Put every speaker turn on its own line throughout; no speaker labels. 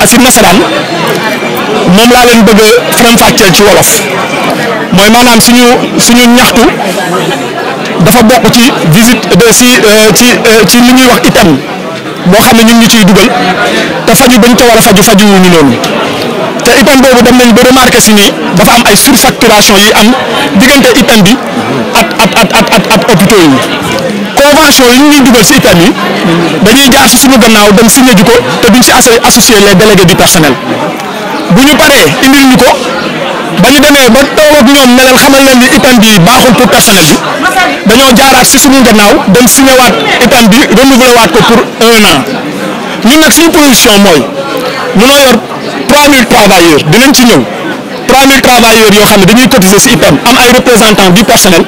ci si nasaraan moom laa leen bëgg a faram ci wolof mooy maanaam suñu suñu ñaxtu dafa bokk ci visite si ci euh, euh, ci li ñuy wax itam boo xam ne ñu ngi ciy dugal te faju bañ ca war a faju faju wuñu noonu te itam boobu dem nañ ba remarqué si ni dafa am ay surfacturation yi am diggante itam bi at at at at at yi convention yi ñu ngi dugal si Italie dañuy jaar si suñu gannaaw dem siñe ji ko te duñ si associé les délégués di personnel bu ñu paree indil ñu ko ba ñu demee ba toog ak ñoom ne leen xamal leen ni itam bi baaxul pour personnel bi dañoo jaaraat si suñu gannaaw dem signé waat itam bi renouvelé waat ko pour un an ñun nag suñu position mooy mënoo yor 3000 travailleurs dinañ ci ñëw 3000 travailleurs yoo xam ne dañuy cotiser si itam am ay représentants du personnel.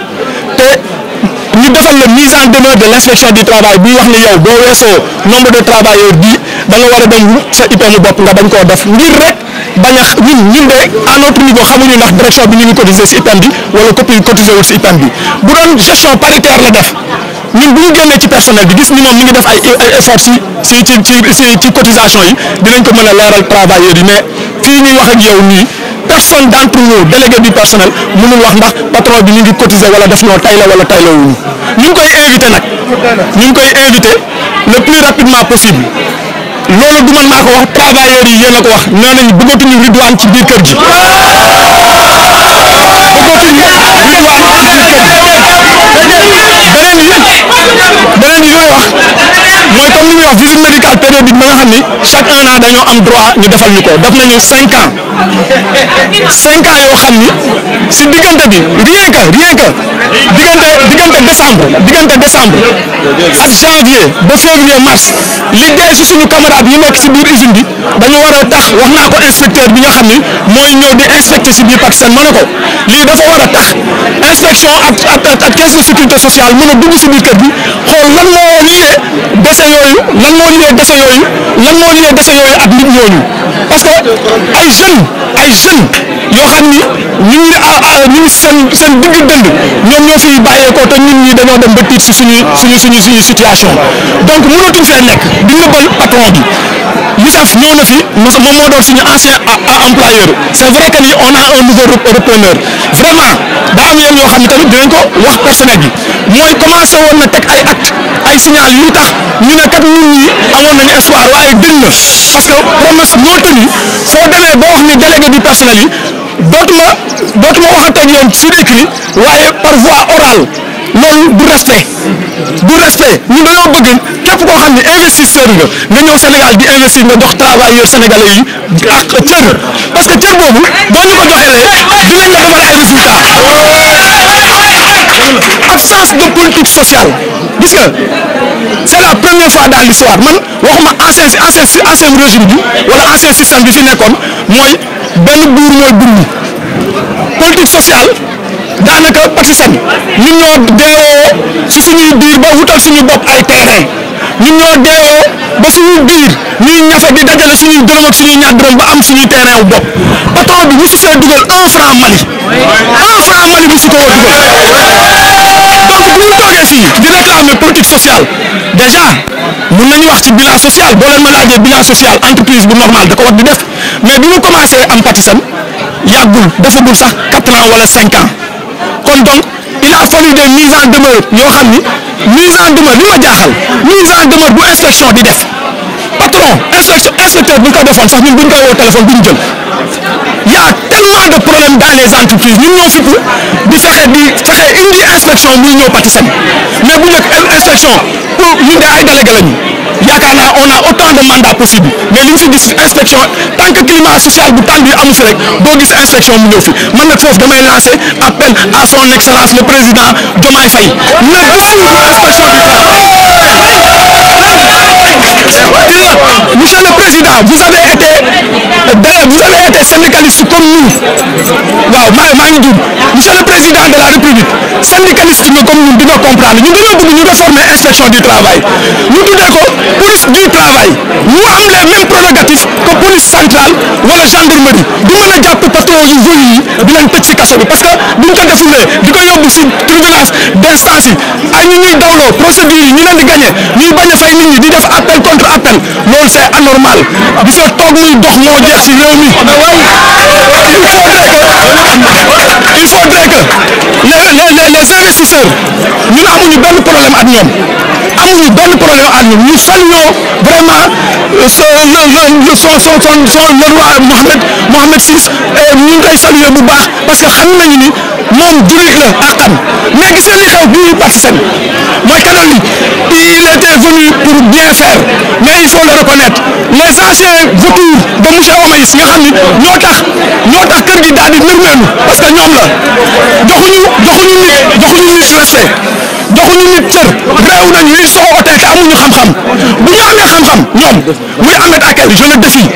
ñu defal la mise en demeure de l' inspection du travail bi wax ni yow boo weesoo nombre de travailleurs bi da nga war a dañ sa itomu bopp nga bañ koo def ngir rek bañ a ñun ñun de à niveau xamuñu ndax direction bi ñu ngi cotiser si IPM bi wala copie cotiser wul si IPM bi bu doon gestion paritaire la def ñun bu ñu génnee ci personnel bi gis ñu moom mi ngi def ay ay efforts si si ci ci ci cotisation yi dinañ ko mën a laaral travailleurs yi mais fii ñuy wax ak yow nii. personne d' entre nous délégué du personnel mënul wax ndax patron bi ñu ngi cotiser wala def noo tay la wala tay ñu ngi koy invité nag ñu ngi koy invité le plus rapidement possible loolu du man maa ko wax travailleurs yi yéen a ko wax nee nañ bëggatuñu Ridwane ci biir kër ji bëggatuñu Ridwane ci biir kër ji beneen yëg beneen yëg wax mooy comme nga xam ni chaque dañoo am droit ñu defal ni ko def nañu cinq ans cinq ans yoo xam ni si diggante bi rien que rien que diggante diggante décembre diggante décembre ak janvier ba février mars li dee si suñu camarade yi nekk si biir usine bi dañu war a tax wax naa ko inspecteur bi nga xam ni mooy ñëw di inspecter si biir Patisen ma ne ko lii dafa war a tax inspection ak ak ak caisse de sécurité sociale mën dugg si biir kër bi xool lan moo lié dese yooyu lan moo lié dese yooyu. lan moo ñu dese yooyu ak nit ñooñu parce que ay jeunes ay jeunes yoo xam ni ñu ngi ñu ngi seen seen digg dënd ñoom ñoo fiy bàyyeekoo te ñun ñi dañoo dem ba tiit si suñu suñu suñu suñu situation donc mënatuñ fee nekk di nëbbal patron bi. SAF ñëw na fi moom moo doon suñu ancien employeur c' est vrai que ni on a un nouveau repreneur vraiment daa am leen yoo xam ne tamit dinañ ko wax personnel bi mooy commencé woon na teg ay acte ay signal yu tax ñu ne kat ñun ñi amoon nañu espoir waaye dañ na parce que promesse non tenue soo demee boo wax ni délégué du personnel yi dootuma dootuma waxante ak yoon ci décret waaye par voie loolu du respect du respect ñun dañoo bëgg képp koo xam ne investisseur nga nga ñëw Sénégal di investir nga jox travailleur sénégalais yi ak cër parce que cër boobu boo ñu ko joxee dinañ la defal ay résultats absence de politique sociale gis nga c' est la première fois dans l'histoire man waxuma ancien ancien ancien régime bi wala ancien système bi fi nekkoon mooy benn buur mooy dund politique sociale. daanaka partisan ñun ñoo deewoo ci suñuy biir ba wutal suñu bopp ay terrain ñu ñoo deewoo ba suñu biir ñuy ñafe di dajale suñuy dërëm ak suñuy ñaar ba am suñuy terrain wu bopp patron bi musu fee dugal un franc Mali un franc Mali musu ko woo dugal donc bu ñu toogee fii di réclamer politique sociale déjà mun nañu wax ci bilan social boo leen ma laajee bilan social entreprise bu normal da ko war di def mais bi mu commencé am partisan yàggul defagul sax quatre ans wala cinq kon donc il a fallu des mises en demeure yoo xamni mise en demeure li ma jaaxal mise en demeure bu inspection di def patron inspection inspecteur bu ko defone sax ñun buñ ko wo téléphone bu jël y a tellement de problèmes dans les entreprises ñun ñoo fipp di fexé di fexé indi inspection muy ñëw pati mais bu njëkk inspection pour ñun de ay délégué lañu on a autant de mandats possibles mais l'inspection, inspection tant que climat social bu tendu amu fi rek doo gis inspection mu ñëw fi man damay lancer appel à son excellence le président Diomaye Faye de l'inspection du travail monsieur le président vous avez été vous avez été syndicaliste comme nous monsieur le président de la république syndicaliste ñi comme ñun dina comprendre ñu dañoo bëgg réformer inspection du travail ñu tuddee ko police du travail mu am les mêmes prérogatives que police centrale wala gendarmerie du mën a jàpp patron yu si kaso parce que duñ ko defulee di ko yóbbu si tribunal d'instance yi ñuy dawloo procédure yi ñu leen di gagné ñuy bañ fay nit ñi di def appel contre appel loolu c'est anormal di fa toog muy dox le que les les les investisseurs ñun amuñu benn problème ak ñoom amuñu benn problème ak ñoom ñu saluons vraiment euh, ce le le son son son le roi Mohamed Mohamed VI ñu ngi parce que xam nañu ni. moom jullit la àqam mais gis nga li xew bii Pakistan mooy catholique il était venu pour bien faire mais il faut le reconnaître les anciens vautours de monsieur Omaïs nga xam ni ñoo tax ñoo tax kër gi daal di nërmeelu parce que ñoom la joxuñu joxuñu amuñu nit cër graaw nañ ñuy soxotee te amuñu xam-xam bu ñu amee xam-xam ñoom muy Ahmed Akel je le défie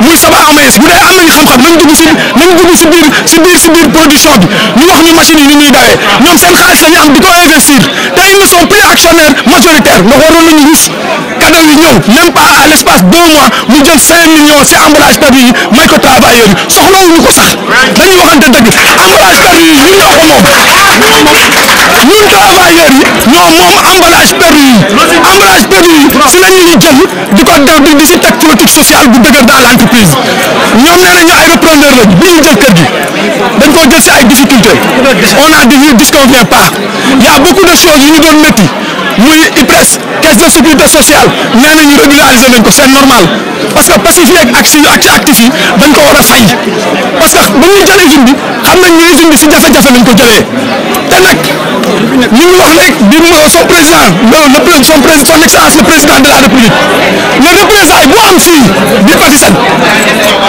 muy Saba Amaes bu dee am nañu xam-xam nañ dugg si nañ dugg si biir si biir si biir production bi ñu wax ñu machine yi ni muy dawee ñoom seen xaalis la ñu am di ko investir te ils ne sont plus actionnaires majoritaires ndax waroon nañu gis cadeau yi ñëw même pas à l' espace deux mois mu jël cinq millions si emballage perdu yi may ko travailleurs yi soxlawuñu ko sax dañuy waxante dëgg emballage perdu yi ñun ñoo ko moom ñun travailleurs yi ñoo moom emballage perdu yi emballage perdu yi si la ñuy jël di ko def di si teg politique sociale bu dëgër dans l' entreprise ñoom nee nañu ay repreneur ñu jël kër gi dañ koo jël si ay difficultés on a dit ne disconvient pas y' a beaucoup de choses yu ñu doon métti. muy IPRES caisse de sécurité sociale nee nañu régulariser nañ ko c'est normal parce que pacifié ak actif yi dañ ko war a fay parce que bu ñuy jëlee usine bi xam nañ ne usine si jafe-jafe lañ ko jëlee te nag ñu ngi wax rek bi son président le son excellence le président de la république le représailles bu am fii bi Patisen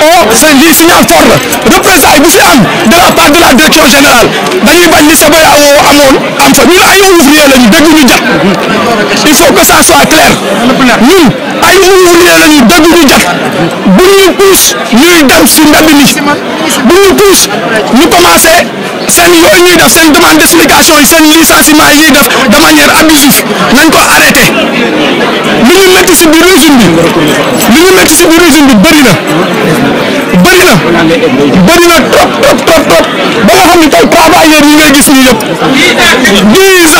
oh c'est lii signal fort la représailles bu fi am de la part de la direction générale dañuy bañ li Seboya woo amoon am fa ñun il faut que ça soit clair ñun ay muur nee nañu dëgg ñu jàpp bu ñu puus ñuy dem si mbedd mi bu ñu puus ñu commencé seen yooyu ñuy def seen demande d'explication yi seen licenciement yi ñuy def de manière abusive nañ ko arrêté li ñu métti si biir régime bi mi ñu métti si biir régime bi bëri na. bëri na trop trop trop trop ba nga xam ne tey travailleurs yi ngay gis nii yëpp dix ans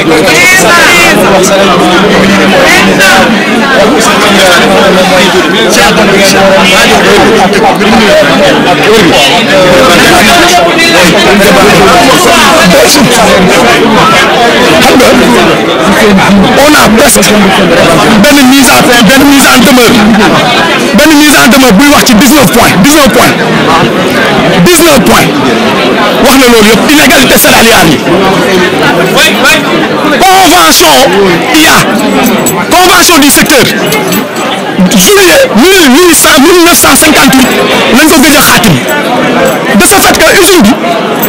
on a presque benn mise en benn mise en demeure benn mise en demeure buy wax ci dix-neuf points 19 points 19 points wax na loolu yëpp inégalité salariale yi convention IA convention du secteur juillet 1800 1958 lañ ko gëj a xaatim le fait que usine bi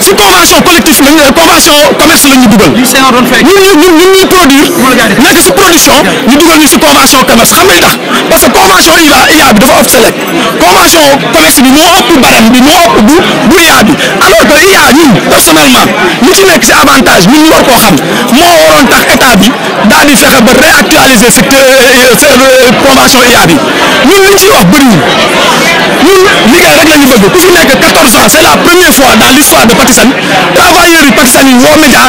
si convention collective la convention commerce la ñu dugal. ñun ñun ñun nekk si production ñu dugal ñu si convention commerce xam nga tax parce que convention IA IA bi dafa obsolète convention commerce bi moo ëpp barème bi moo ëpp bu bu IA bi alors que IA personnellement li ci nekk si avantage ñun ñu war koo xam moo waroon tax état di fexe ba réactualiser secteur euh, convention euh, IA bi ñun liñ ciy wax bëriwul ñun liggéey rek la ñu bëgg ku fi nekk 14 ans c'est la première fois dans l'histoire de Patisen travailleurs yi Patisen yi woo média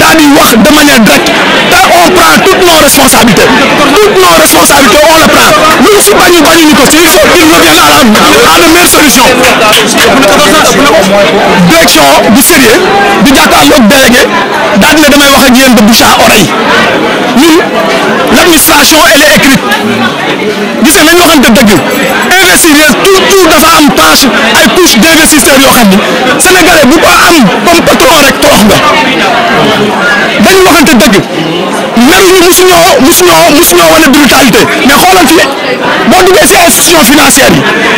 daal di wax de manière directe te on prend toutes nos responsabilités toutes nos responsabilités on le prend luñ si bañu bañu ñu ko ci il faut développer la la la meilleure solution direction du sérieux du jàkkaarloog délégué daal di ne damay wax ñun l' administration elle est écrite gis nga nañu waxante dëgg investir toujours dafa am tâche ay couche d' investisseurs yoo xam ni sénégalais bu ko am comme patron rek torox nga dañu waxante dëgg. maire yi mosuñoo mosuñoo mosuñoo wane brutalité mais xoolal fi boo duggee si institution financière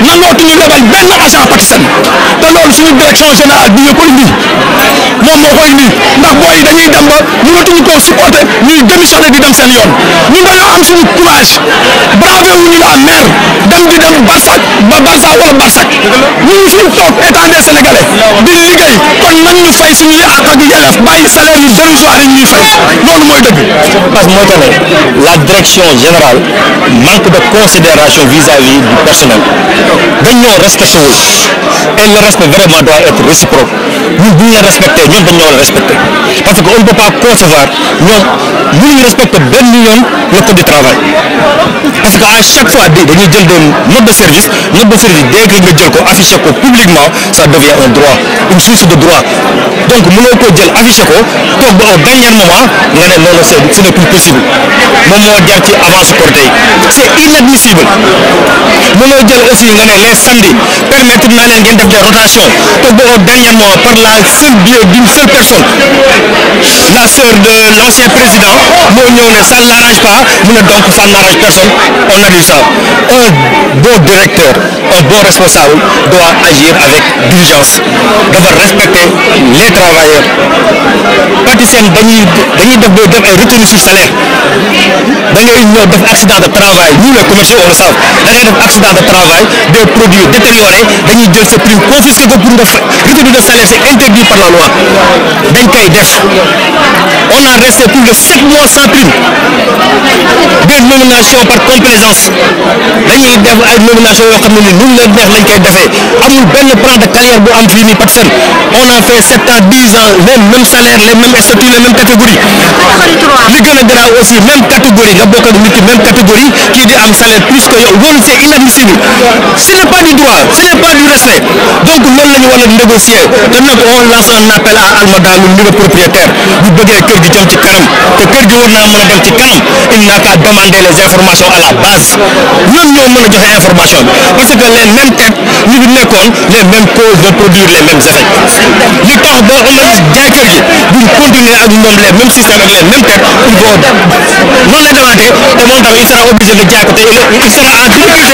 yi nangootuñu lebal benn agent Patisen te loolu suñu direction générale bi ñu ko indi moom moo ko indi ndax booy yi dañuy dem ba mënatuñu koo supporter ñuy démissionner di dem seen yoon ñun dañoo am suñu courage bravé wuñu la maire dem di dem Barsak ba Barsa wala Barsak ñun suñu toog état des Sénégalais di liggéey kon nan ñu fay suñu parce la direction générale manque de considération vis-à-vis du personnel dañ ñoo respecte et le respect vraiment doit être réciproque Nous devons respecter, nous devons le respecter. parce qu'on ne peut pas concevoir nous mënuñu respectons le code du travail parce à chaque fois dañuy nous de notre service notre service dès que nga jël affiché publiquement ça devient un droit une source de droit donc nous, avons jël affiché ko au dernier moment c'est ce n'est plus possible avance portée c'est inadmissible nous jël aussi nga les samedis permettre de faire des rotations au dernier moment par la seule d'une seule personne la sœur de l'ancien président nous ñëw ne ça ne l'arrange pas nous ne donc ça n'arrange personne on a vu ça. un bon directeur, un bon responsable doit agir avec diligence, doit respecter les travailleurs. Praticiens, nous des retenues sur salaire. y accident des accidents de travail, nous les commerciaux, on le sait. Nous accident des de travail, des produits détériorés, nous de ces prix confisqué pour le de salaire, c'est interdit par la loi on a resté plus de 7 mois sans prime Des nominations par complaisance on a fait 7 ans 10 ans les mêmes salaires les mêmes statuts les mêmes catégories li gën a aussi même catégorie nga bokk ak nit même catégorie salaire plus que c'est inadmissible ce n'est pas du droit ce n'est pas du respect donc nous, allons négocier on lance un appel à Almada le propriétaire di jëm ci kanam te kër gi war naa mën a dem ci kanam il n'a qu'à demander les informations à la base ñoom ñoo mën a joxe information bi parce que les mêmes kat ñu ngi nekkoon les mêmes causes produire les mêmes effets li tax ba Orange jaay kër gi duñ continuer ak moom les mêmes systèmes les mêmes kat noonu lay demaatee te moom tam il sera obligé de jaay ko te il sera à ko jaay.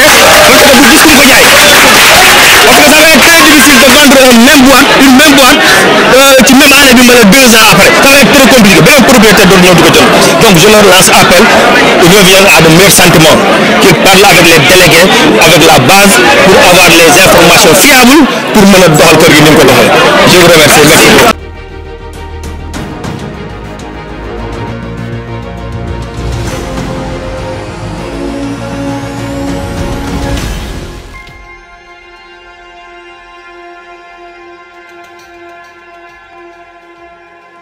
problème même boîte une même boîte euh, ci même année bi mbala deux ans après ça va être trop compliqué beneen propriétaire dootu ñëw di ko jël donc je leur lance appel ils reviennent à de meilleurs sentiments qu'ils parlent avec les délégués avec la base pour avoir les informations fiables pour mën a doxal kër gi ni mu ko doxee je vous remercie merci beaucoup